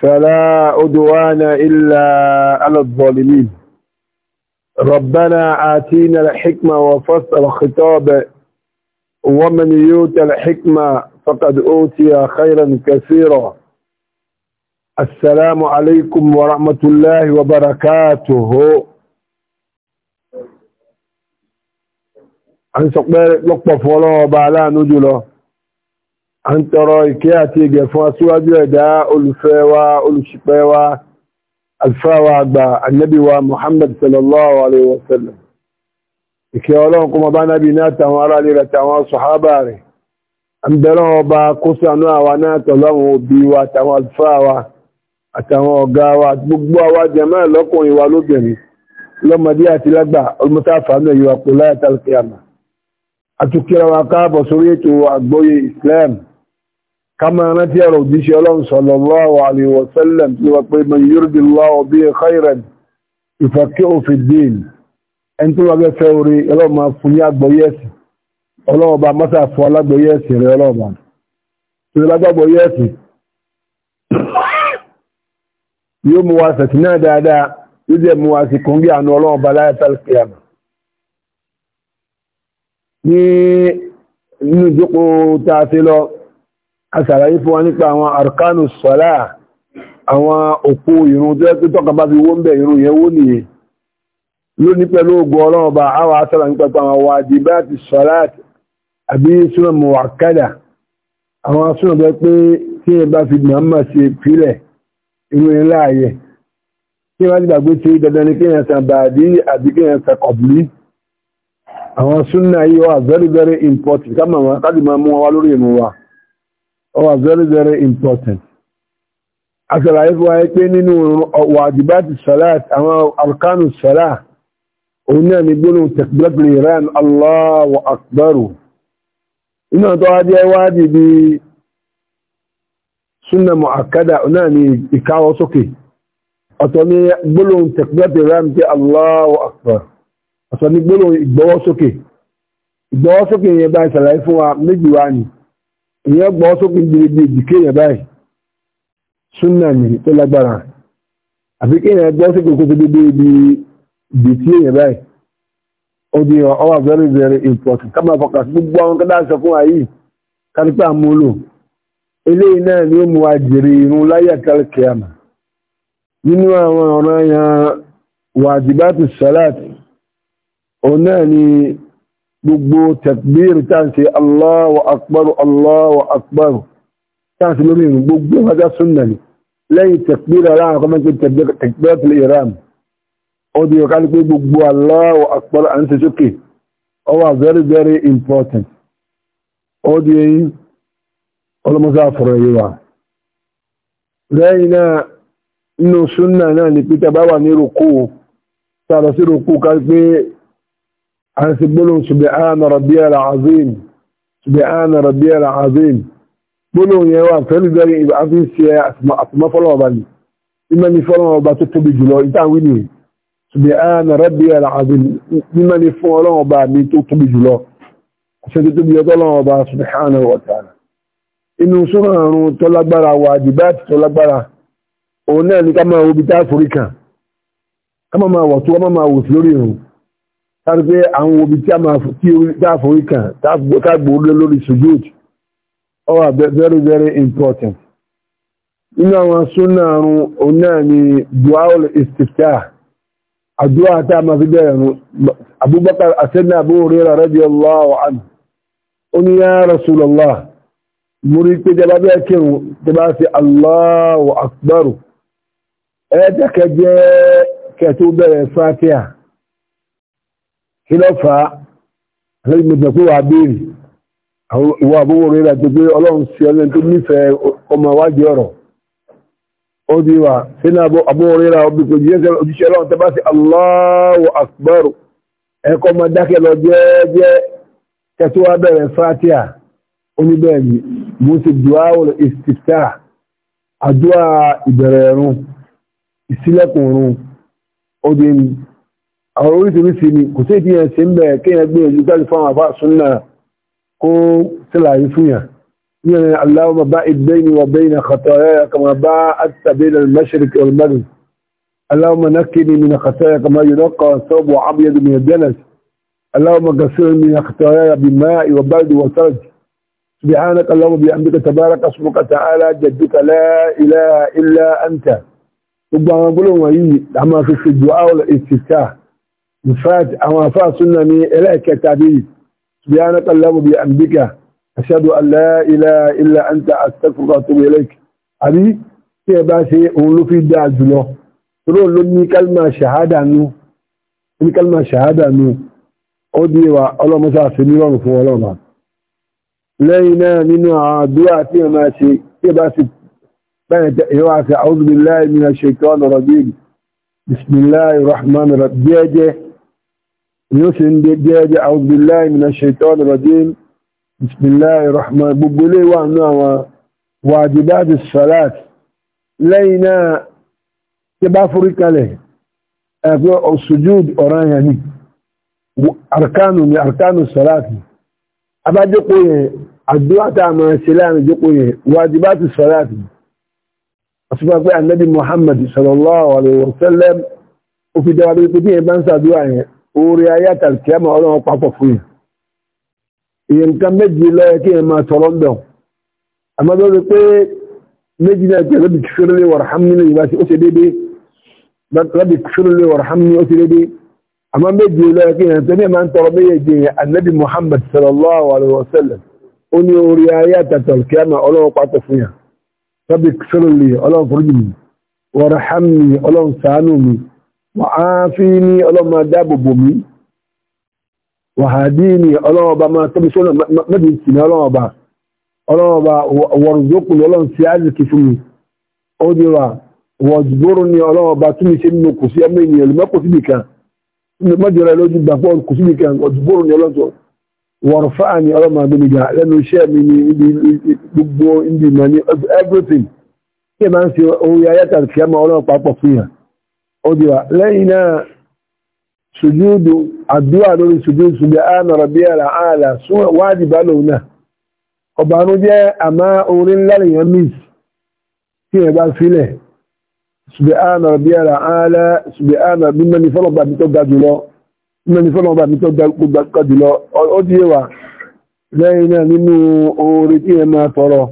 فلا عدوان إلا على الظالمين ربنا آتينا الحكمة وفصل الخطاب ومن يوت الحكمة فقد أوتي خيرا كثيرا السلام عليكم ورحمة الله وبركاته عن سقبال لقطة فولو بعلان جلو a ń tọrọ ìkẹ́ àti ìgẹ̀ fún aṣíwájú ẹ̀dá olùfẹ́ wa olùṣìpẹ̀ wa alfáwa àgbà annabi wa muhammad sallallahu alaihi wasallam ìkẹ́ ọlọ́run kọmọ bá nábi náà tàwọn ará lè tàwọn sọ̀hábà rẹ̀ an bẹ̀rẹ̀ ọba kó sànú àwa náà tọ̀lọ́run òbí wa tàwọn alfáwa lọ́mọdé àti lágbà olùmọ́tàfà náà yíwa pẹ̀lú àyàtàlùkẹ́ àmà wa káàbọ̀ sórí ètò àgbóyè islam كما نتي روديش الله صلى الله عليه وسلم يقول من يرد الله به خيرا يفكئه في الدين انتم ما فوري الله ما فني اغبويس الله با ما سافو لا غبويس ري الله با تو لا غبويس يوم واسكنا دادا يجي مواسكون بي ان الله بلا القيامه ni nínú ìjókòó tá a ti lọ àṣàlàyé fún wa nípa àwọn arkanu sọ́lá àwọn òpó ìrun tó yẹ tọ́ka bá fi wó ń bẹ̀ ìrun yẹn wó nìyẹn lónìí pẹ̀lú ogun ọlọ́run bá àwọn àṣàlà nípa àwọn wàjibáàtì sọ́lá àbí súnà muwakkada àwọn súnà bẹ́ pé tí ẹ bá fi màmá ṣe pílẹ̀ ìrun yẹn láàyè tí wọ́n ti gbàgbé ṣe dandan ní kéèyàn san bàdí àbí kéèyàn san kọ̀bùlí àwọn súnà yìí wà very very important ká mọ̀ wọn ká sì ó wà very very important àṣàlàyé fún wáyé pé nínú wàjibáti salat àwọn arkanu salat òun náà ni gbónú takbiratul iran Allahu akbaru iná tó wájú ẹwádìí bí súnà mu'akkada náà ni ìkáwọ́ sókè ọ̀tọ̀ ni gbónú takbiratul iran pé Allahu akbar ọ̀tọ̀ ni gbónú ìgbọ́wọ́ sókè ìgbọ́wọ́ sókè yẹn bá ṣàlàyé fún wa méjì wá ni ìyẹn gbọ́ sókè gbèrègbè ìdìké yẹn báyìí súnà ní tó lágbára àfi kí èèyàn gbọ́ sókè kó tó dédé ibi ìdìké yẹn báyìí ó di ọwọ́ very very important ká máa fọkà sí gbogbo àwọn kọ́dá sọ fún ayé kárípà múlò eléyìí náà ni ó mú wa jèrè irun láyé àkàlẹ̀ kìámà nínú àwọn ọ̀ràn yẹn wàjibátù sálàtì òun náà ni gbogbo takbir táǹsì Allahu akbar Allahu akbar táǹsì lórí ìrìn gbogbo ọjọ́ súnnà ni lẹ́yìn takbir aláwọ̀ kọ́mọ́kì takbir tó ìrìn ó di ọ̀ká ní pé gbogbo Allahu akbar à ń ṣe sókè ó náà ni pé tàbá wà ní roko sàrọ̀ sí roko ká pé a ti gbólóhùn subhana rabbiyal azim subhana rabbiyal azim gbólóhùn yẹn wà fẹ́lú bẹ́rẹ̀ ìbá fi ń ṣe àtùmọ́ fọ́lọ́wọ́ ọba ni mímọ́ ni fọ́lọ́wọ́ ọba tó tóbi jùlọ ìtàwí ni subhana rabbiyal azim mímọ́ ni fún ọlọ́wọ́ ọba mi tó tóbi jùlọ ṣẹ́jú tóbi ọlọ́wọ́ ọba subhanahu wa ta'ala inú sọ́rọ̀ àrùn tó lágbára wà dìbáàtì tó lágbára òun náà ni ká máa wo bí táà forí kan ká máa wọ̀ tó ká máa wò sí lórí ìrùn sáré pé àwọn obi tí a máa kí dáàfòrí kan tágbò lórí sujud ó wà very very important inú àwọn súnà àrùn òun náà ni dual istiftah àdúrà tá a máa fi bẹ̀rẹ̀ rùn Abubakar asẹ́nà Abu Hurairah radiyallahu anhu ó ní ya Rasulullah mú rí pé jẹba bẹ́ẹ̀ kírun jẹba sí Allahu akbar ẹ̀ẹ́dẹ̀kẹ́ jẹ́ kẹ́ tó bẹ̀rẹ̀ Fatiha kí ló fà á lẹ́yìn mo jẹ́ pé wàá béèrè àwọn ìwà àbúrò rẹ̀ rà gbogbo ọlọ́run sí ọlẹ́ni tó nífẹ̀ẹ́ ọmọ wájú ọ̀rọ̀ ó di wa sínú àbúrò rẹ̀ rà ọbí kojú yẹn ojúṣe ọlọ́run tẹ́ bá sí Allahu Akbar ẹ̀kọ́ ọmọ dákẹ́ lọ jẹ́ẹ́jẹ́ kẹtù wa bẹ̀rẹ̀ fatia oníbẹ̀ẹ̀ni mo ti dùá wọlé ìsìtà àdúrà ìbẹ̀rẹ̀ ẹ̀rùn ìsílẹ̀kùn ọ̀run ó di àwọn oríṣiríṣi ni kò sí ìdíyàn sí ń bẹ̀ kéèyàn gbé ẹjú gbájú fún àwọn afáàsùn náà kó sílàyé fún yàn yẹn aláwọ̀ bá ìgbẹ́ni wà bẹ́yìn àkàtọ̀ ayáyà kama bá àtàbílẹ̀ mẹ́ṣẹ̀rẹ̀kì olùmọ́rin aláwọ̀ nàkìní mi nàkàtọ̀ ayáyà kama yóò kọ́ sọ́bù àbúyẹ̀dù mi ẹ̀dẹ́nẹ̀s aláwọ̀ سبحانك اللهم بأمرك تبارك اسمك جدك لا إله إلا أنت gbogbo àwọn gbólóhùn wọ̀nyí a máa fi ṣe ìsìká infact àwọn afá súnà ní ẹlẹ́ẹ̀kẹta bí subhanaka allahumma bi hamdika ashhadu an la ilaha illa anta astaghfiruka wa atubu ilaik àbí tí ẹ bá ṣe òun ló fi dáa jùlọ tóró ló ní kálmà ṣàhádà nù ní kálmà ṣàhádà nù ó di wa ọlọ́mọsá sí ní rọrùn fún ọlọ́mà lẹ́yìn náà nínú àdúrà tí ẹ máa ṣe tí ẹ bá ṣe báyìí ìwà àti a'udhu billahi minash shaitanir rajim bismillahir rahmanir rahim jẹ́jẹ́ يوسن دجاج أعوذ بالله من الشيطان الرجيم بسم الله الرحمن بقولي وعنوا واجبات الصلاة لينا تبا فريق عليه أقول السجود أراني أركان أركان الصلاة أبا جقوي الدعاء تعمى سلام جقوي واجبات الصلاة أصبح النبي محمد صلى الله عليه وسلم وفي دوابة الكتير بانسى دعاء orí ayé àtàkìyàmọ̀ ọlọ́run papọ̀ fún yìí èyí nǹkan méjì lọ́yẹ kí ẹ máa tọrọ ń bẹ̀ àmọ́ tó rí pé méjì náà pé lọ́bì kìfìrìlẹ̀ wàrhàmì ní ìbáṣe ó ṣe dédé lọ́bì kìfìrìlẹ̀ wàrhàmì ó ṣe dédé àmọ́ méjì lọ́yẹ kí ẹ tó ní máa ń tọrọ méjèèjì anabi muhammad sallallahu alayhi wa sallam ó ní orí ayé àtàkìyàmọ̀ ọlọ́run papọ̀ fún yà lọ́bì kìfìrìlẹ̀ ọlọ́run wàáfíní ọlọ́mọ dáàbòbò mi wàhádíní ọlọ́ọba máa tọ́bí sọ́nà mẹ́bí tì ní ọlọ́ọba ọlọ́ọba wọ̀rùndókù ní ọlọ́run ti áàzìkì fún mi ó dira wọ̀dúgbòrò ní ọlọ́ọba tí mi ṣe nínú kò sí ẹmọ ènìyàn lè mẹ́kò síbì kan mẹ́jọra lójú gbàgbọ́ kò síbì kan wọ̀dúgbòrò ní ọlọ́tọ̀ wọ̀rùfà ní ọlọ́mọ abẹ́nigà everything kí ẹ máa ń ṣe orí ayẹ́tà kí ọdíwà lẹ́yìn náà sùjúdù lori lórí subhana rabbiyal a'la sún wádìí bá lòun náà ọ̀bànú orin ńlá na miss tí ẹ bá sílẹ̀ subhana a'la subhana bí mẹ́ni mi tó ga jùlọ mẹ́ni mi tó ga jùlọ nínú orin tí ẹ máa tọrọ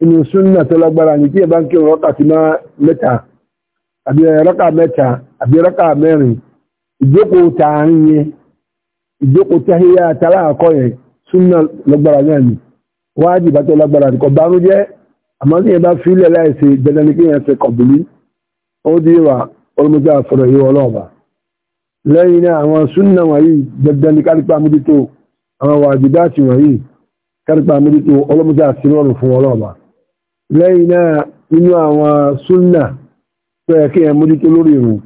inú súnà tó lágbára ní tí ẹ bá ń kírun rọ́kà sí máa mẹ́ta àbí rọ́kà mẹ́ta àbí rọ́kà mẹ́rin ìjókòó tààrin yẹn ìjókòó táhíyá tàláàkọ́ yẹn súnà lágbára náà ni wáàjì bá tó lágbára nìkọ́ bánújẹ́ àmọ́ tí ẹ bá fílẹ̀ láìsí dandan ní kí yẹn fẹ́ ó àfọ̀rọ̀ yìí ọlọ́ọ̀bà lẹ́yìn náà àwọn wọ̀nyí dandan ní kárípà àwọn wọ̀nyí kárípà fún ọlọ́ọ̀bà lẹ́yìn náà nínú àwọn súnnà tó yẹ kí ẹ mójútó lórí ìrùn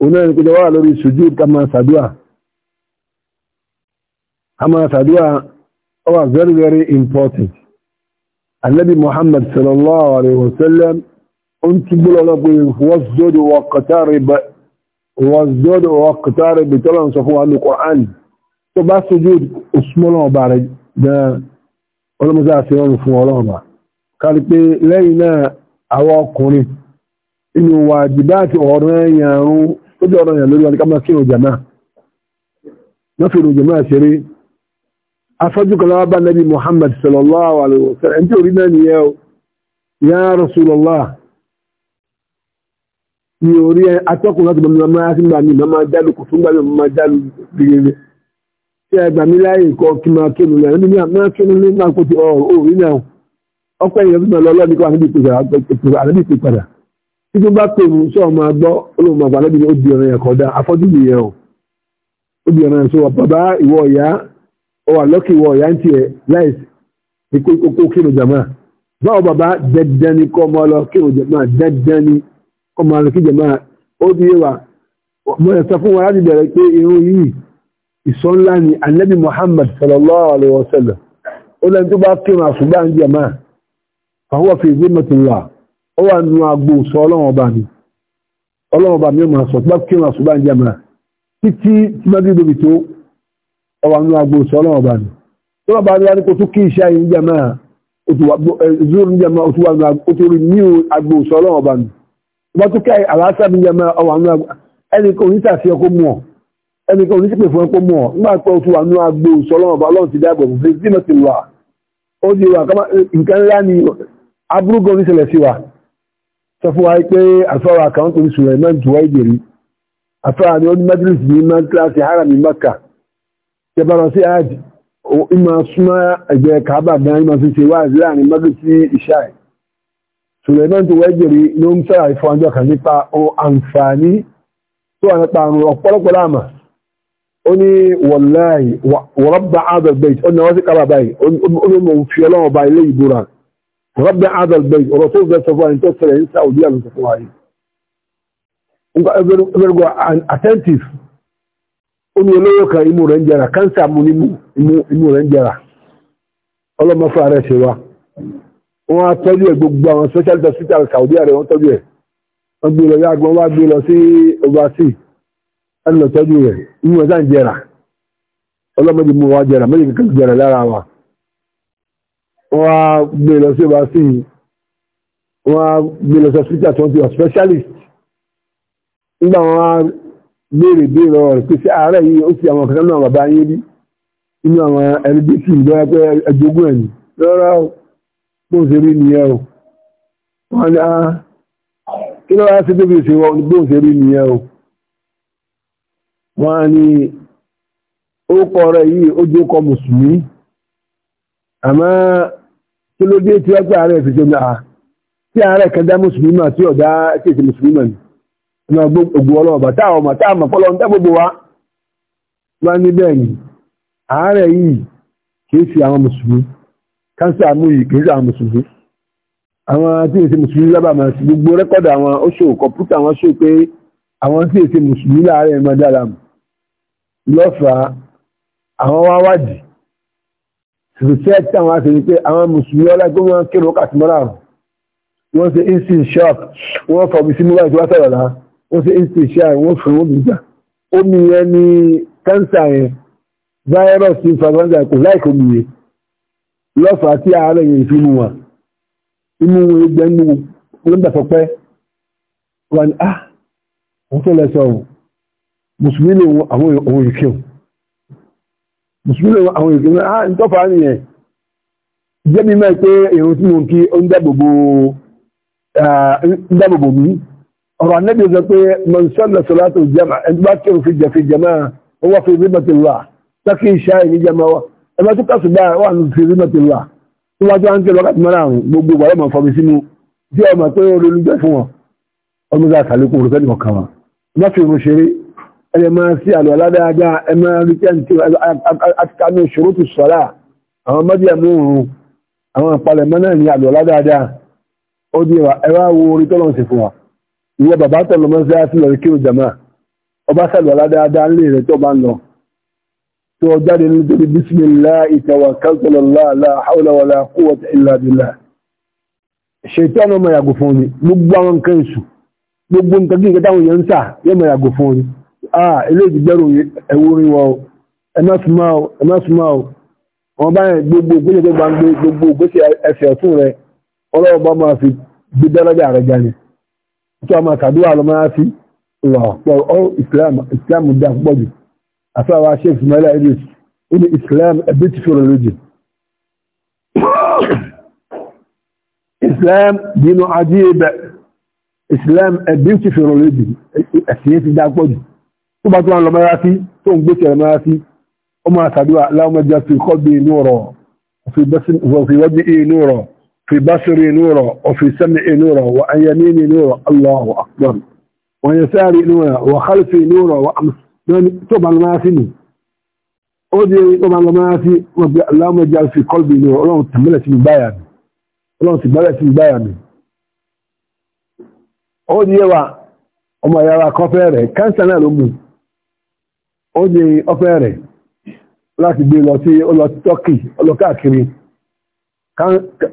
òun náà ni kó jọwọ́ lórí ṣùjú ká máa ó wà very very important annabi muhammad sallallahu alaihi wasallam ó ń túbọ̀ lọ́lọ́ pé wasdodo waqtari bi tọ́lọ̀ sọ fún wa ní Qur'an tó bá ṣojú òṣùmọ́lọ́ ọba rẹ̀ gan ọlọ́mọdé àti ọrùn fún ọlọ́mọdé kárí pé lẹ́yìn náà àwọn ọkùnrin inú wà jìbá àti ọ̀rọ̀ ẹ̀yàrún ó jẹ́ ọ̀rọ̀ ẹ̀yàn lórí wọn ká máa kírun jàmáà wọ́n fi rùn jàmáà ṣeré afọ́jú kan láwá bá nàbí Muhammad sallallahu alaihi wasallam ẹni tí orí náà nìyẹn o ya Rasulullah ní orí ẹ atọ́kùn ọpẹ́ ìyẹn fún ọlọ́lọ́ ní kó àníbi ìpè padà tí tó bá pè mú sọ ọmọ agbọ́ olóòmọ àgbà lẹ́bi ní ó di ọ̀rọ̀ yẹn kọ̀ọ̀dá afọ́jú nìyẹn o ó di ọ̀rọ̀ yẹn sọ bàbá ìwọ ọ̀yá ó wà lọ́kì ìwọ ọ̀yá ń tiẹ̀ láì ikú kó kírun jàmá báwo bàbá kọ́ ọmọ lọ jàmá kọ́ ọmọ lọ kí jàmá ó di mo wa láti bẹ̀rẹ̀ pé irun yìí ńlá ni Muhammad sallallahu alayhi wa sallam ó fàwọn fi zimmati Allah ó wà nínú agbo sọ ọlọ́wọ́n bá mi ọlọ́wọ́n bá mi máa sọ pé kí wọ́n àṣùbá ń jẹ́ mìíràn títí tí wọ́n dé ibi tó ó wà nínú agbo sọ ọlọ́wọ́n bá mi tó lọ́ba ní wá ní kó tún kí iṣẹ́ yìí ń jẹ́ mìíràn zuru ń jẹ́ mìíràn ó wọ́n tún kẹ́ àlàáfíà ń kan onítàfíà fún ẹkọ́ mọ̀ nígbà pé oṣù wà nínú agbo ọlọ́run ti dáàbò fún fi zimmati Allah ó di wà nǹkan ńlá ni aburúgbọ́n ní ṣẹlẹ̀ sí wa sọ fún wa pé àfáwà kan ní sùnrẹ̀ náà jùwá ìgbèrí àfáwà ni ó ní madrid ní man kíláàsì haram maka jẹbàrọ sí aj ìmọ̀ súnmọ́ ẹgbẹ́ kaaba gan ìmọ̀ sí ṣe wá láàrin madrid sí ìṣáì sùnrẹ̀ náà jùwá ìgbèrí ló ń sọ̀rọ̀ ìfọ́ ọjọ́ kan nípa àǹfààní tó wà nípa àrùn ọ̀pọ̀lọpọ̀ láàmà ó ní wọ̀láì wọ̀rọ̀bà adọ̀ bá رب هذا البيت ورسول الله صلى الله عليه وسلم ينسى وديا من تقوائي ẹgbẹ̀rẹ̀gbẹ̀ attentive ó ní olówó kan imú rẹ̀ ń jẹrà kánsà mú ní imú rẹ̀ ń jẹrà ọlọ́mọ́fà rẹ̀ ṣe wá wọ́n á tọ́jú ẹ̀ gbogbo àwọn special hospital Saudi Arabia wọ́n tọ́jú ẹ̀ wọ́n gbé lọ yá gbọ́n wá gbé lọ sí overseas ẹni lọ tọ́jú rẹ̀ imú rẹ̀ sáà ń jẹrà ọlọ́mọdé mú wa jẹrà mẹ́rin kankan jẹrà lára wa wọ́n á gbé lọ sí ọba sí wọ́n á gbé lọ sí hospital tó ń tiwa specialist nígbà wọn á béèrè béèrè ọ̀rọ̀ pé sí àárẹ̀ yìí ó sì àwọn kankan náà bàbá yín rí inú àwọn ẹni bí sì lọ́yà pé ẹjọ́gún ẹ̀ ní lọ́rọ́ bó ṣe rí nìyẹn o wọ́n ní á ah, kí ló wá sí débi ṣe wọ́n bó ṣe rí nìyẹn o wọ́n á ní orúkọ rẹ̀ yìí ó jókòó mùsùlùmí àmọ́ kí ló dé tí wọ́n pé ààrẹ ìfìjọ náà tí ààrẹ kan dá mùsùlùmí mà tí ọ̀dá tí èsì mùsùlùmí mà ní ọ̀nà ògùn ọlọ́ọ̀bà táwọn ọmọ táwọn ọmọ fọlọ́ ń dá gbogbo wa wá ní bẹ́ẹ̀ ni ààrẹ yìí kìí ṣe àwọn mùsùlùmí kánsà mú yìí kìí ṣe àwọn mùsùlùmí àwọn tí èsì mùsùlùmí lábà máa ṣe gbogbo rẹ́kọ̀dù àwọn oṣù kọ̀pútà wọn ṣó pé àwọn tí èsì mùsùlùmí láàárẹ̀ máa dára lọ́fà àwọn wá wádìí research táwọn àti ní pé àwọn mùsùlùmí ọlọ́gbọ́n wọn kí ló kàtí mọ́ra wọ́n ṣe instant shock wọ́n fọ̀bí sí mobile tó wá sọ̀rọ̀ lá wọ́n ṣe instant shock wọ́n fún wọn gbígbà omi yẹn ni cancer yẹn virus ní fagbọ́nza kò láìkò omi yẹn lọ́fàá tí àárẹ̀ yẹn fi mú wa inú wọn gbẹ inú wọn gbà fọpẹ́ wọn ni ah wọ́n fẹ́ lọ sọ̀rọ̀ ni àwọn òun ìkẹ́wọ̀n mùsùlùmí àwọn èdè náà ń tọ́fà nìyẹn jẹ́ mímọ̀ pé ìrun tí mo ń kí ń dábòbò ah, mi ọ̀rọ̀ anẹ́bí sọ pé mọ̀nsọ́nà sọ̀látò jama ẹni bá kírun fi jẹ̀fi jama ó wà fi rímọ̀tì wà sákì ìṣá ìní jama wa ẹ bá tó kásù bá wà fi rímọ̀tì wà tó wájú à ń kí lọ́kàtí mọ́ra àrùn gbogbo wà lọ́mọ fọmi ẹ máa sí àlọ́ aládáadáa ẹ máa rí kẹ́ǹtì àtikánú ìṣòro tó sọ́lá àwọn mọ́díàmú òun àwọn àpalẹ̀mọ́ náà ní àlọ́ aládáadáa ó di ẹwà wo orí tọ́lọ̀ sí fún wa ìwọ bàbá tọ̀lọ̀ mọ́ sí àti lọ́rí kírò jàmá ọba sàlọ́ aládáadáa ń lè rẹ̀ tó bá ń lọ tó o jáde ní tóbi bismillahi tawakkaltu alallah la hawla wala àwọn ọmọ yàgò fún ni ah ilé ìgbẹ́rù ẹ̀wú rí wọn ẹ̀nà súnmọ́ ẹ̀nà súnmọ́ wọn bá yẹn gbogbo ògbésẹ̀ tó gbàgbé gbogbo ògbésẹ̀ ẹsẹ̀ ọ̀tún rẹ ọlọ́wọ́ bá máa fi gbé dáradà rẹ jáde tó a máa kàdúrà lọ máa fi lọ pọ̀ ọ́ islam Islam dá púpọ̀ jù àfẹ́wà sheikh ismail idris ó ní islam a beautiful religion islam dínú ajé ibẹ̀ islam a beautiful religion ẹ̀sìn ti dá pọ̀ jù tó bá tó wọn lọ mẹ́ra sí tó ń gbé tẹ̀rẹ̀ mẹ́ra sí ó máa sàdúrà láwọmọjá fi kọ́bí inú ọ̀rọ̀ fi wọ́bí inú ọ̀rọ̀ fi básírí inú ọ̀rọ̀ ọ̀fi sẹ́mi inú ọ̀rọ̀ wà ayẹmí inú ọ̀rọ̀ Allahu akbar wọ́n yẹ sáàrí inú ọ̀rọ̀ wà kálífì inú ọ̀rọ̀ wà tó bá lọ mẹ́ra ọmọ ìyára kọfẹ́ rẹ̀ káńsà náà ló mú ó ní ọfẹ́ rẹ̀ láti gbé lọ sí ọlọ turkey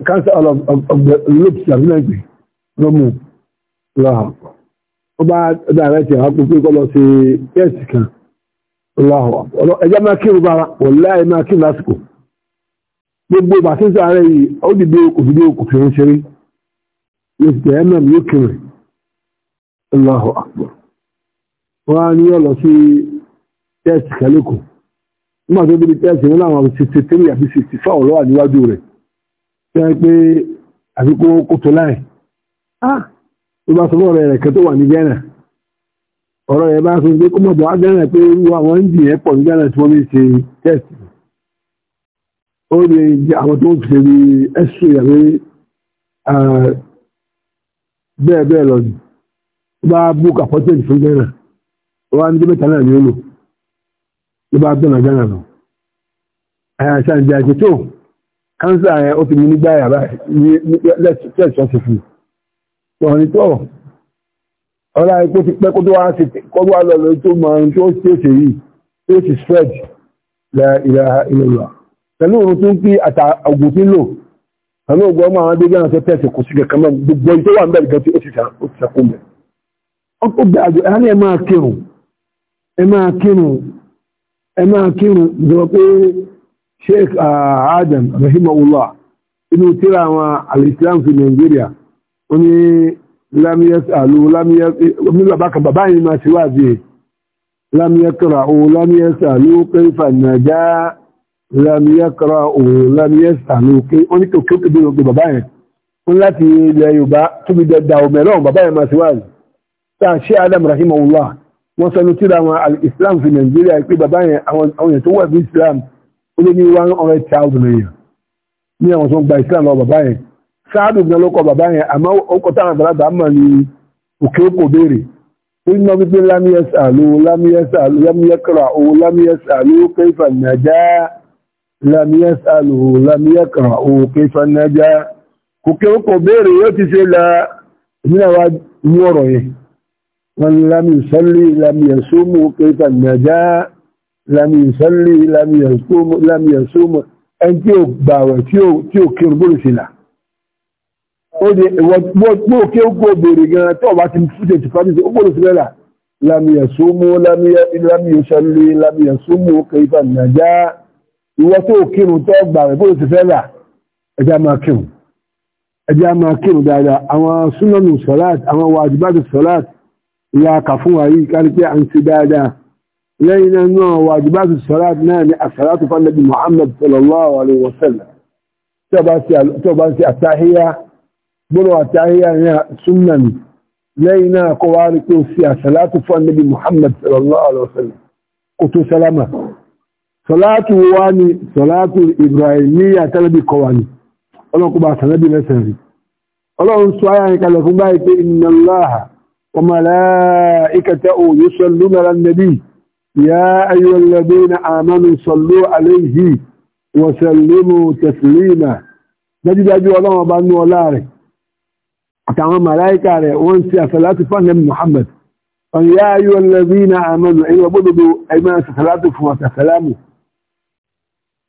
cancer of the lobes àbílẹ̀gbẹ̀ ló mú ó bá dára ẹ̀tì àwọn pípé kọ́ lọ sí ẹ̀sì kan ẹjá máa wọ́n lásìkò gbogbo bàtíńsà rẹ̀ yìí ó dìde òfìdí òkùnfìrún ṣeré mm yóò wọ́n á tẹ́ẹ̀sì kẹ́lẹ́kùn nígbà tó débi tẹ́ẹ̀sì wọn làwọn sixty three àbí sixty four lọ́wọ́ níwájú rẹ̀ tẹ́ pé àfi kó kó tó láì ah ló bá sọ ọ̀rọ̀ rẹ̀ kẹ́ tó wà ní Ghana ọ̀rọ̀ rẹ̀ bá sọ pé kó mọ̀ bọ̀ á Ghana pé irú àwọn ẹ́ńjì yẹn pọ̀ ní Ghana tí wọ́n fi ṣe tẹ́ẹ̀sì ó lè jẹ àwọn tó ń ṣe bí ẹ́sùn ìyàwó bẹ́ẹ̀ bẹ́ẹ̀ lọ bá búkà pọ́tẹ́ẹ̀tì fún Ghana wọ́n á ní débẹ̀tà náà ní ó lò ló bá gbọ́nà gánà lọ àyàṣà ìjà ìjẹ́tò kánsà ẹ̀ ó fi mi nígbà yàrá lẹ́tọ̀ sí fún ọ̀rọ̀ nítọ́ ọ̀rọ̀ ikú ti pẹ́ kó tó wá sí kọ́dọ̀ wá lọ́lọ́ tó mọ ohun tó ṣe ṣe tó ti spread la ilaha illallah pẹ̀lú òun tó ń pín àtà ògùn tí ń lò pẹ̀lú ògùn ọmọ àwọn adébí àwọn tẹ́tẹ̀sì kò sí kẹ̀kẹ́ mọ́ gbogbo ohun tó wà ń bẹ̀rẹ̀ gan tí ó ti sàkóbẹ̀ ọkọ̀ gbàgbé ẹ̀ máa kírun ẹ máa kírun ẹ máa kírun ìjọba pé sheikh ah, adam rahimahullah inú tíra àwọn alìsílámù fi nàìjíríà ó ní lámíyàsí àlú lámíyàsí bákan bàbá yìí máa ṣe wáàzí lámíyàkàrà ó lámíyàsí àlú kẹfà nàjà lámíyàkàrà ó lámíyàsí àlú kẹ ó ní kò kí ó kéde lọ pé bàbá yẹn ó láti ilẹ̀ yorùbá tóbi dẹ̀ dà ọmọ ẹ̀rọ bàbá yẹn máa ṣe wáàzí tá a ṣe adam rahimahullah wọ́n sọ ní tíra wọn al-islam fi nàìjíríà pé bàbá yẹn àwọn èèyàn tó wà ní islam ó lé ní one hundred thousand èèyàn ní àwọn tó ń gba islam lọ bàbá yẹn sáàdù gan ló kọ bàbá yẹn àmọ́ ọkọ̀ táwọn àgbàlagbà mọ̀ ní òkè òkò béèrè ó ní wọ́n pípé lámíyẹ́sà ló lámíyẹ́sà ló lámíyẹ́kọ̀rà ó lámíyẹ́sà ló kẹfà nàjà lámíyẹ́sà ló lámíyẹ́kọ̀rà ó kẹfà nàjà òkè òkò béèrè yóò ti ṣe la ìmúnáwá ní ọ̀rọ̀ yẹn من لم يصلي لم يصوم كيف النجاة لم يصلي لم يصوم لم يصوم ẹn tí ó gbàwẹ̀ tí ó kírù bóòlù sílá ó di ìwọ̀gbọ́ kí ó gbò bèèrè gan tó wá ti fúte ti fàájú ó bóòlù sílá lámìyà súnmú lámìyà sọlé lámìyà súnmú kẹfà nàjá ìwọ tó kírù tó gbàwẹ̀ bóòlù ti fẹ́ rà ẹjá máa kírù ẹjá máa kírù dáadáa àwọn súnmọ́nù sọ́láàtì àwọn wàjúbáàdì sọ́láàtì ìyá kà fún wa yìí kárí pé à ń ṣe dáadáa lẹ́yìn náà náà wàjibátù sọ́láàtì náà ni àsàlátù fánàbí Muhammad sallallahu alaihi wasallam tó bá sí àtàhíyá gbọ́nà àtàhíyá ní súnmọ̀n lẹ́yìn náà kó wá rí pé ó sí àsàlátù fánàbí Muhammad sallallahu alaihi wasallam kò tó sálámà sọ́láàtù wá ní sọ́láàtù ọlọ́kùnbà sànàbí mẹ́sàn ọlọ́run sọ ayá kalẹ̀ fún báyìí pé inna Allaha وملائكته يصلون على النبي يا أيها الذين آمنوا صلوا عليه وسلموا تسليما نجد أجو الله بأنه الله ري تعالى ملائكة وانسى صلاة من محمد يا أيها الذين آمنوا أيها بدو أيمان صلاة وتسلاموا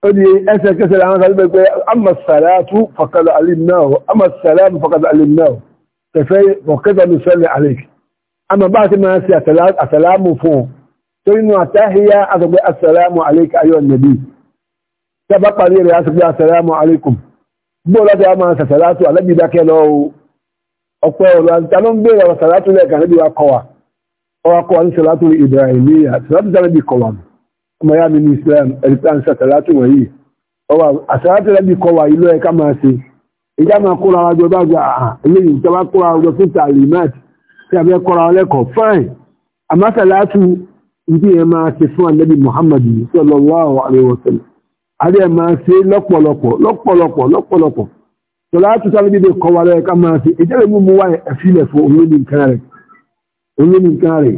أدي أسأل كسر عن قلبك أما الصلاة فقد علمناه أما السلام فقد علمناه فكذا نصلي عليك àmọ́ bá ti máa ṣe àsàlámù fún un torí inú àtàhíyá àsọgbé àsàlámù alayka ayọ́ nàbí tí a bá parí rẹ̀ àsọgbé àsàlámù alaykum gbọ́ láti a máa sàsàlátù alábìdákẹ́ lọ ọ̀pẹ́ ọ̀rọ̀ àtàlọ́ ń bèèrè ọ̀rọ̀ sàlátù lẹ́ẹ̀kan níbi wa kọwà ọwọ́ kọwà ní sàlátù ibrahimiyya sàlátù sàlátù kọwà ọmọ ya mi ní islam ẹ̀ríkàn sàlátù wọ̀nyí tí a bẹ́ kọ́ra ọlẹ́kọ̀ọ́ fine àmásàlátù ìdí ẹ̀ máa ṣe fún ànábì Muhammad sallallahu alaihi wasallam adé ẹ̀ máa ṣe lọ́pọ̀lọpọ̀ lọ́pọ̀lọpọ̀ lọ́pọ̀lọpọ̀ sọ̀látù sáré bíbẹ̀ kọ́ wa lẹ́ẹ̀ká máa ṣe ìjẹ́lẹ̀ mú mú wá ẹ̀fílẹ̀ fún olóyìn nǹkan rẹ̀ olóyìn nǹkan rẹ̀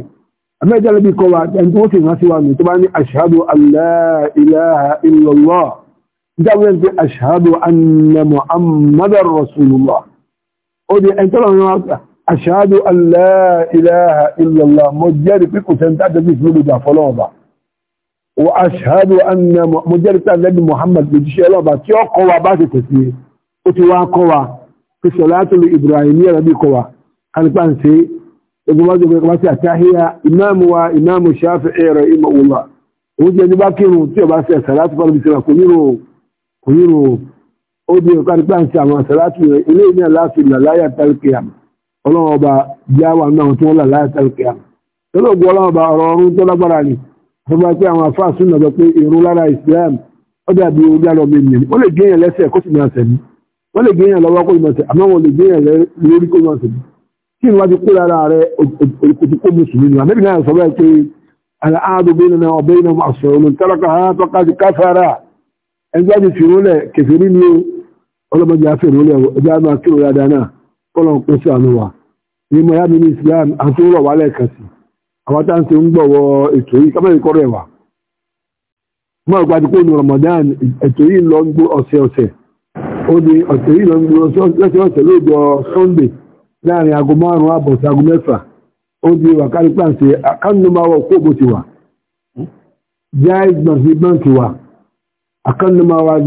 àmẹ́jẹ́ lẹ́bí kọ́ wa ẹni tó sì rán sí wa nù tó bá ní ashhadu an la ilaha illallah dáwọn pé ashhadu anna Muhammadar ó di ẹni tó lọ́wọ́ أشهد أن لا إله إلا الله مجرد بكو سنتعد في سنوبة فلوبة وأشهد أن مجرد النبي محمد بجيش الله باتي قوة باتي تسيه وتوا قوة في صلاة الإبراهيمية نبي قوة أنا بانسي ابن ماجه بن قباسي أتاهي إمام وإمام الشافعي رحمه الله وجه أن باكيرو تيو باسي صلاة فلوبة سنة كنيرو كنيرو ودي قال بانسي أما صلاة إليه لا سنة لا يتلقي أما ọlọ́run ọba jáwà náà tí wọ́n là láìsàlùkẹ́ àmà tọ́lọ́gbọ́ ọlọ́run ọba ọ̀rọ̀ ọ̀run tó lágbára ni ọba pé àwọn afáàsùn náà sọ pé ìrun lára Islam ọjà bí orí àlọ́ mi nìyẹn ó lè géèyàn lẹ́sẹ̀ kó sì máa sẹ̀mí wọ́n lè géèyàn lọ́wọ́ kó sì máa sẹ̀mí àmọ́ wọn lè géèyàn lórí kó kí ni kọ́lọ̀ pẹ́ sí àánú wa ní mọ̀ yá mi ní Islam àti rọ̀ wálẹ̀ kan sí àwọn tá ń ṣe ń gbọ̀wọ́ ètò yìí kábẹ́rẹ́ kọ́rọ̀ ẹ̀wà mọ́ ìgbà tí kò ní Ramadan ètò yìí lọ ń gbó ọ̀sẹ̀ ọ̀sẹ̀ ó ní ọ̀sẹ̀ yìí lọ ń gbó lọ́sẹ̀ ọ̀sẹ̀ lóòjọ́ Sunday láàrin aago márùn-ún àbọ̀ sí aago mẹ́fà ó di wà kárí pàǹsẹ̀ àkáńtì máa wọ kó bó ti wà Jaiz Bank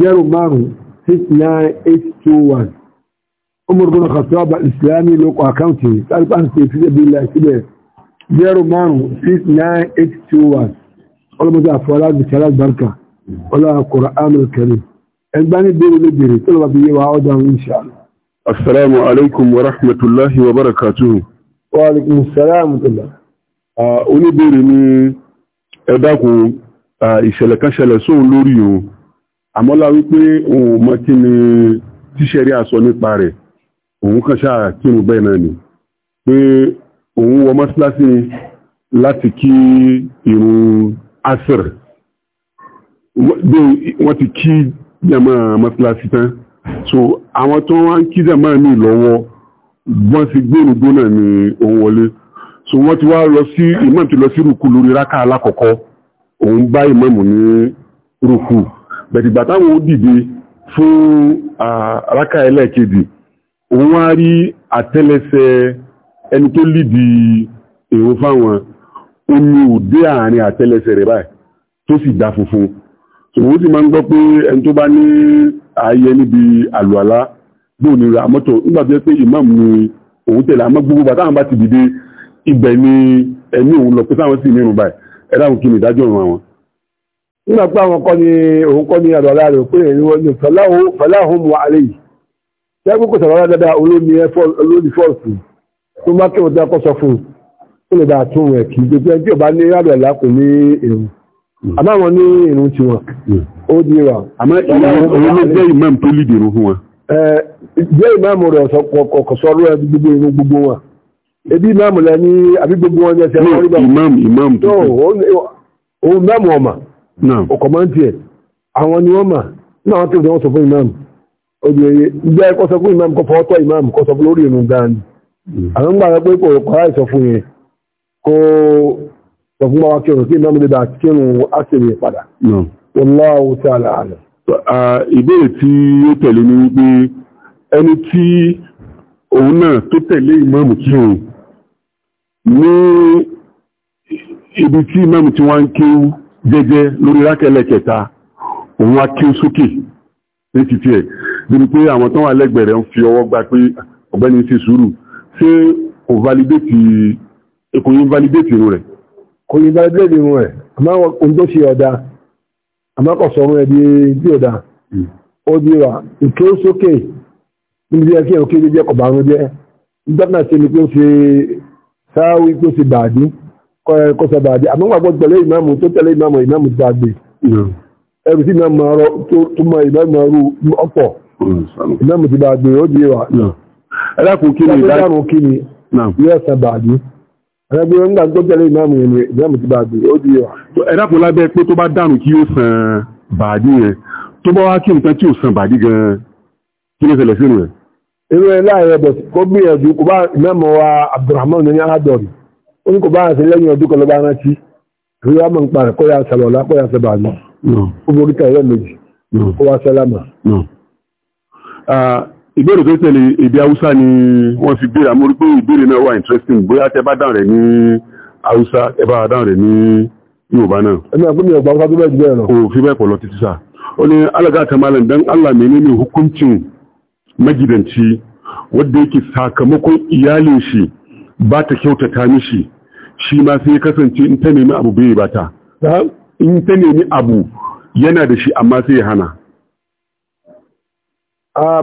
zero márùn six nine eight two one umar bin khattab islami loko akanti kalban se fi billahi sibe 0969821 olumuza afola bi kala barka wala qur'an al-karim ẹgbani bere le bere tó bá bi wa oda insha Allah assalamu alaikum wa rahmatullahi wa barakatuh wa alaikum assalam wa rahmatullah ah oni bere ni ẹ dákun ìṣẹ̀lẹ̀ kan ṣẹlẹ̀ sóhun lórí o àmọ́lá wípé òun mọ́ kí ni tíṣẹ̀rí àsọ nípa rẹ̀ òun kàn ṣáà kí mo bẹ́ẹ̀ náà ni pé òun wọ mọ́síláṣí láti kí irun asir bí wọ́n ti kí jẹ̀mọ́ mọ́síláṣí tán so àwọn tó wá ń kí jẹ̀mọ́ mi lọ́wọ́ wọ́n ti gbé náà ni òun wọlé so wọ́n ti wá lọ sí imam ti lọ sí rúkú lórí rákà alákọ̀ọ́kọ́ òun bá imam ní rúkú bẹ̀tìgbà táwọn ó dìde fún rákà ẹlẹ́ẹ̀kejì òun wá rí àtẹ́lẹsẹ̀ ẹni tó lìdí èrò fáwọn omi òdé àárín àtẹ́lẹsẹ̀ rẹ̀ báyìí tó sì dá funfun òun sì máa ń gbọ́ pé ẹni tó bá ní ààyè níbi àlùalá bóun ni ra mọ́tò nígbà tó yẹ pé ìmáàmù ni òun tẹ̀lé àmọ́ gbogbo bàtà àwọn bá ti dìde ibẹ̀ ni ẹni òun lọ pé sáwọn sì nínú báyìí ẹ̀dá òun kí ni ìdájọ́ ọ̀run àwọn. nígbà pé àwọn kọ́ ni òun kọ́ ni àlùalá rẹ̀ pé èyí wọ́n ní fẹláhùn mu àlẹ́ yìí tẹ́gbọ́n kò sọ̀rọ̀ dáadáa dada fọ́ọ̀sì tó bá kí wọ́n dá kọ́ fún un ó lè bá tún kí gbogbo tí bá ní rábẹ̀ lápò ní èrò àmọ́ àwọn ní èrò tiwọn ó di ra. àmọ́ ìyàwó ló jẹ́ imam tó lè dèrò fún wa. jẹ́ rẹ̀ wọn ebi ní àbí gbogbo wọn obìnrin ìgbà ẹ̀kọ́ sọ fún imam kọ fọ́ tọ́ imam kọ sọ fún lórí ìrùn gan ni àwọn ń gbàgbọ́ pé kò pàrà ìsọ fún yẹn kó sọ fún báwa kírun kí imam lè kírun á sì lè padà wallahu ta'ala alam. ìbéèrè tí ó tẹ̀lé ni wípé ẹni tí òun náà tó tẹ̀lé imam kírun ní ibi tí imam ti wá ń kéwú jẹ́jẹ́ lórí rákẹ́lẹ̀ kẹta òun á kéwú sókè ní títí ẹ̀ níbi pé àwọn tó wà lẹ́gbẹ̀rẹ̀ ń fi ọwọ́ gba pé ọ̀gbẹ́ni ṣe sùúrù ṣé kò validate kò yín validate irun rẹ̀. kò yín validate irun rẹ̀ àmọ́ ohun tó ṣe ọ̀dà àmọ́ kò sọ ohun ẹ̀ di bí ọ̀dà hmm. ó di wa ìké sókè níbi ẹ̀ ẹ̀ òkè jẹ́ kọ̀bà ọ̀run jẹ́ gbọ́dọ̀ ṣe ni pé ó ṣe sáwí pé ó ṣe bàdí kọ́ṣẹ́ bàdí àmọ́ gbàgbọ́ pẹ̀lú ìmáàmù tó tẹ̀lé ẹrù sí náà máa rọ tó máa ìbá máa rú ọ̀pọ̀ náà mo ti bá gbé ó di wa. ẹlẹ́kùn kí ni ìdájọ́ ìdájọ́ kí ni yóò san bàájú ẹlẹ́gbẹ́ wọn gbà tó tẹ̀lé ìmáàmù yẹn ni ìdáàmù ti bá gbé ó di wa. ẹlẹ́kùn lábẹ́ pé tó bá dànù kí yóò san bàájú yẹn tó bá wá kí nǹkan tí yóò san bàájú gan-an kí ló ṣẹlẹ̀ sínú rẹ̀. irú ẹ láàrin ẹbẹ kó gbìyànjú kó bá mẹ́mọ̀ wa Abdulrahman ní aládọ́rì ó ní kó bá àṣẹ lẹ́yìn ọdún kan ló bá rántí àbí wàá mọ̀ nípa rẹ̀ kó yà sàlọ́lá kó yà sàbàlú. ó borí kan lẹ́ẹ̀mejì ó wá sálámà. ìbéèrè tó tẹ̀lé èdè haúsá ni wọ́n fi béèrè àmọ́ pé ìbéèrè náà wà interesting bóyá tẹ bá dáhùn rẹ̀ ní haúsá ẹ bá dáhùn rẹ̀ ní yorùbá náà. ẹni àgbẹ̀mí ọgbà haúsá tó bẹ́ẹ̀ kò fi bẹ́ẹ̀ pọ̀ títí sáà ó ní alaga ta malam Allah menene sakamakon ta kyautata si ma sai kasance in ta nemi abu yana da shi amma sai ya hana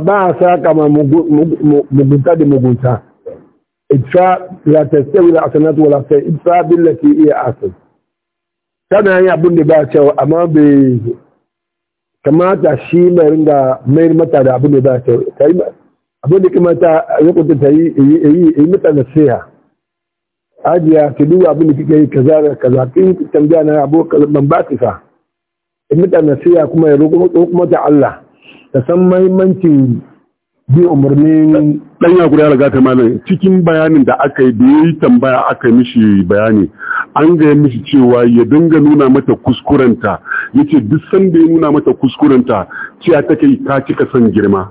ba a saƙa ma mugunta da mugunta idfa la tastawi la asanatu wala sai idfa billati iya asan kana yi abin da ba cewa amma bai kamata shi mai ringa mai mata da abin da ba cewa abin da kamata ya kunta ta yi yi mata nasiha ajiya ki duba abin da kike yi kaza da kaza kin tambaya na abu ban ba ki fa in mutan nasiya kuma ya roƙo kuma ta Allah ta san muhimmancin bi umarnin dan ya guda riga ta malam cikin bayanin da aka yi da yayi tambaya aka mishi bayani an ga mishi cewa ya dinga nuna mata kuskurenta yace duk san da ya nuna mata kuskurenta ciya take ka cika san girma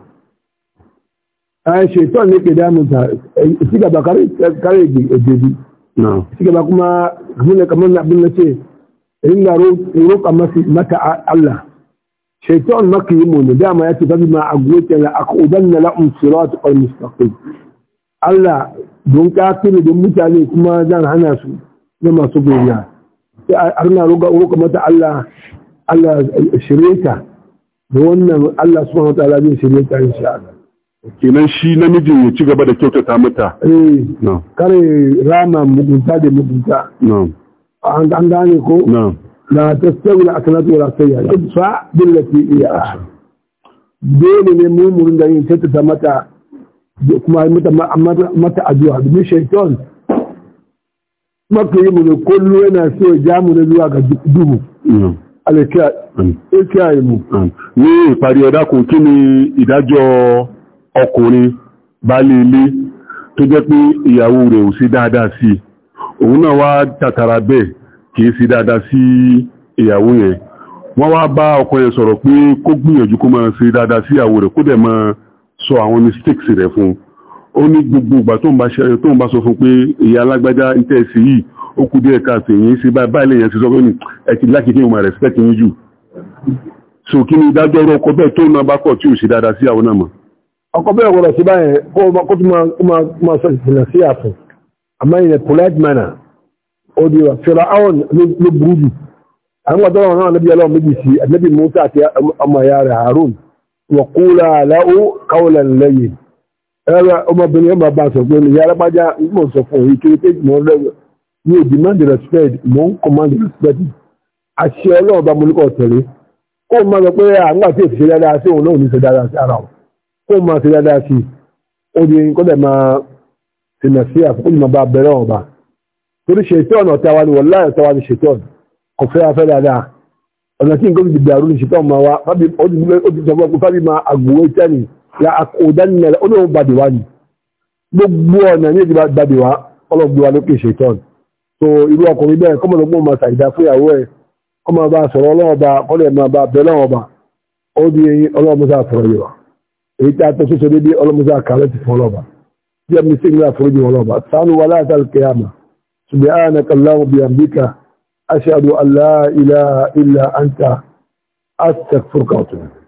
a to ne ke damun ta shi eh, ga bakar kare suke ba kuma kamar kamar abin na ce da roƙa mata Allah shaitan maka yi mune dama ya ce tabi ma a goke la aka udan na la'un surat al mustaqim Allah don kafiri don mutane kuma zan hana su na masu goriya sai a rina roƙa mata Allah Allah shirya ta da wannan Allah subhanahu wa ta'ala zai shirya ta insha Allah kenan shi namijin ya ci gaba da kyautata mata eh kare rana mugunta da mugunta an gane ko la tastawi la akalatu wala sayya idfa billati hiya ahsan dole ne mu mun da yin kyautata mata kuma mata mata addu'a domin shaitan maka yi mu ne kullu yana so ya ja mu ne zuwa ga dubu alaka ikiyaye mu ni ìparí ẹ̀dá kò kí ni ìdájọ́ ọkùnrin baálé ilé tó jẹ́ pé ìyàwó rẹ̀ ò sí dáadáa sí òun náà wá tàtàrà bẹ́ẹ̀ kì í sí dáadáa sí ìyàwó yẹn wọ́n wá bá ọkọ yẹn sọ̀rọ̀ pé kó gbìyànjú kó máa ṣe dáadáa sí ìyàwó rẹ̀ kó dẹ̀ máa sọ àwọn mistakes rẹ̀ fún un ó ní gbogbo ìgbà tó ń bá sọ fún pé ìyá alágbájá ń tẹ̀ sí yìí ó kú díẹ̀ káàtì yìí sí báyìí lèyàn sí sọ pé ní lákìkí ìwọ̀n respect yín jù so kí ni ìdájọ́ ọ̀rọ̀ bẹ́ẹ̀ tó náà bá tí ò ṣe dáadáa sí àwọn náà mọ̀ ọkọ̀ bẹ́ẹ̀ wọ́n lọ sí báyẹn kó tó máa sọ ìpìlẹ̀ sí àfún àmọ́ ìyẹn polite manner ó di wa fẹ́ra àwọn ló burú jù àwọn ọ̀dọ́ wọn náà níbi ọlọ́run méjì sí àdébì musa àti ọmọ ìyá rẹ̀ harun wọ́n kú ra aláwọ̀ káwọlẹ̀ lẹ́yìn ẹ̀rọ ọmọbìnrin ọmọ bá sọ pé ìyá alápájá mọ̀ sọ fún òye kiri pé mọ̀ lẹ́wọ̀ ní o demand respect mọ̀ ń command respect àṣẹ ọlọ́run bá mo ní kọ́ tẹ̀lé kó o máa lọ pé àwọn àti èsì dáadáa sí òun náà ò ní ṣe dáadáa sí ara wọn kó máa ṣe dáadáa sí ó di kó dẹ̀ máa ṣe nà sí àkókò ìmọ̀ bá bẹ̀rẹ̀ ọ̀bà torí ṣètò ọ̀nà ọ̀tá wa ni wọ́n láyọ̀ ọ̀tá wa ni ṣètò ọ̀nà kò fẹ́ afẹ́ dáadáa ọ̀nà tí nǹkan ti dàrú ni ṣètò ọ̀nà wa ó ti sọ fún ọkùnrin fábí máa àgbòwé tẹ́ni la àkódánilẹ̀ ó lóun bàdì wa ni gbogbo ọ̀nà ní ìdí bàdì wa ọlọ́gbé wa lókè ṣètò ọ̀nà so irú ọkùnrin bẹ́ẹ̀ kọ́mọ̀ èyí tí a tọ́ sọ́sọ́ dédé ọlọ́mọdé àkàrẹ́ ti fọ́ ọlọ́ba tí a mìsí ìlú àforíjì ọlọ́ba sánú wà láti alkiyama subhanaka allahumma bihamdika ashhadu an la ilaha illa anta astaghfiruka wa atubu